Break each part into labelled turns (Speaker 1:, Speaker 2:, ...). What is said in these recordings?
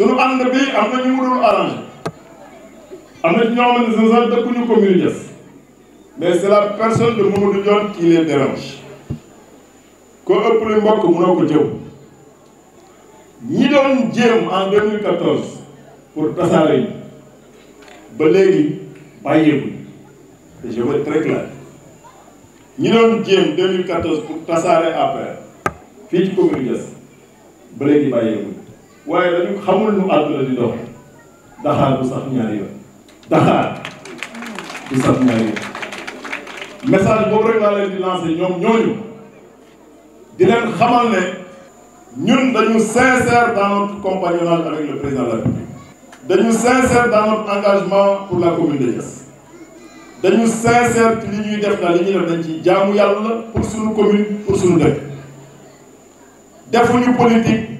Speaker 1: sunu ànd bi am na ñu mu am na ñoo na ne seen sax dëkkuñu commune Diass mais c'est la personne de Mamadou Dione qui les dérange koo ëpp lu mbokk mënoo ko jëw ñi doon jéem en 2014 pour tasaare yi ba léegi bàyyeeku te je veux très clair ñi doon jéem 2014 pour tasaare APR fii ci commune Diass ba léegi bàyyeeku. waaye dañu xamul nu àdduna di dox sax ñaari message boobu di lancer ñooñu di leen xamal nous ñun dañu sincère dans notre compagnonnage avec le président de la République dañu sincères dans notre engagement pour la commune de Yes dañu sincère li ñuy def na li def dañ ci pour suñu commune pour suñu politique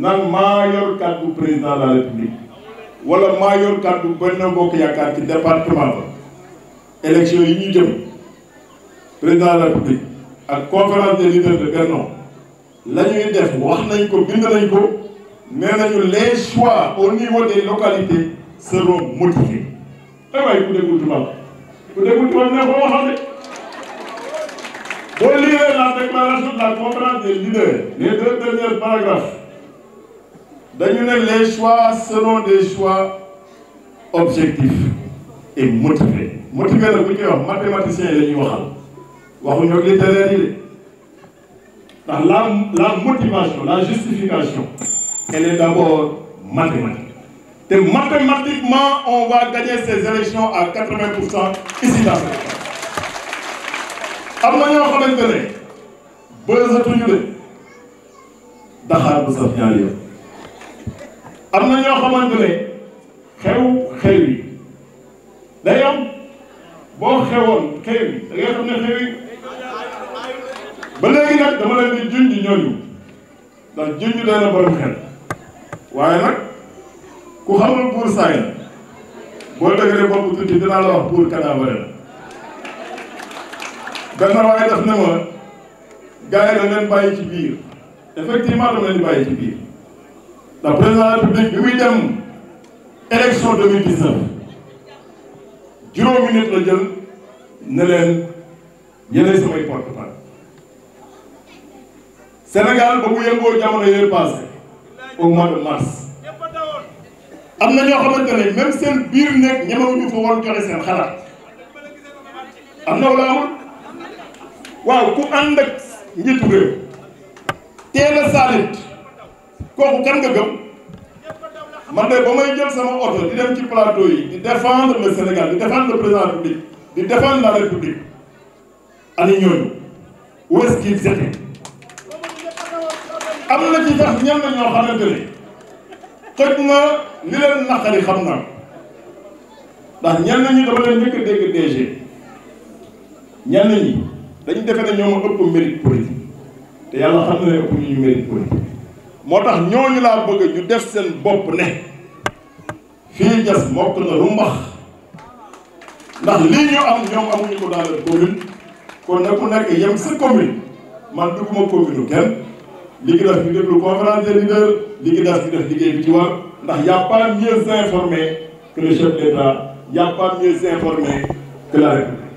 Speaker 1: nan mayor cadre président de la république wala mayor yor kàddu Benno Bokk Yaakaar ci département ba élection yi ñu jëm président de la république ak conférence des leaders de Benno la ñuy def wax nañ ko bind nañ ko nee les choix au niveau des localités seront modifiés damay ku déggul tubaab ku déggul tubaab ne ko waxam de boo lire la déclaration de la conférence des leaders les deux derniers paragraphes les choix seront des choix objectifs et motivés motivé nag bu Mathématicien mathématiciens et la la motivation la justification elle est d'abord mathématique et mathématiquement on va gagner ces élections à 80% ici dans le pays ñoo xamante de bu am na ñoo xamante ne xew xew yi day am boo xewoon xew yi da ngay xam xew yi ba léegi nag dama leen di junj ñooñu ndax junj dana borom xel waaye nag ku xamul buur saay la boo dëgëree bopp tuuti dinaa la wax buur kadaabare la benn waaye def ne ma gars yi da leen bàyyi ci biir effectivement dama leen di bàyyi ci biir ndax président de la république bi muy dem élection 2019 la jël ne leen yeneen samay porte Sénégal ba mu yëngoo jamono yooyu passé au mois de mars am na ñoo xamante ne même biir nekk ñemewuñu fa woon joxe seen xalaat am na wala amul ku ànd ak njiitu réew teel a kooku kan nga gëm man de ba may jël sama oto di dem ci plateau yi di défendre le Sénégal di défendre le président de la République di défendre la République ani ñooñu où est-ce qu'ils étaient am na ci sax ñenn ñoo xamante ne xëj na li leen naqari xam naa ndax ñenn ñi dama leen njëkk a dégg ñenn ñi dañu defe ne ñoo ma ëpp mérite politique te yàlla xam ne ëpp ñu mérite politique motax ñooñu laa bëgg ñu def seen bopp ne fii jas mokk na lu mbax ndax lii ñu am ñoom amuñu ko dans leur commune kon na ku nekk yem sa commune man dugguma commune kenn li ngi def ñu déglu conférence des leaders li ngi def ñu def liggéey bi ci war ndax y' a pas mieux informé que le chef d' état y' a pas mieux informé que la République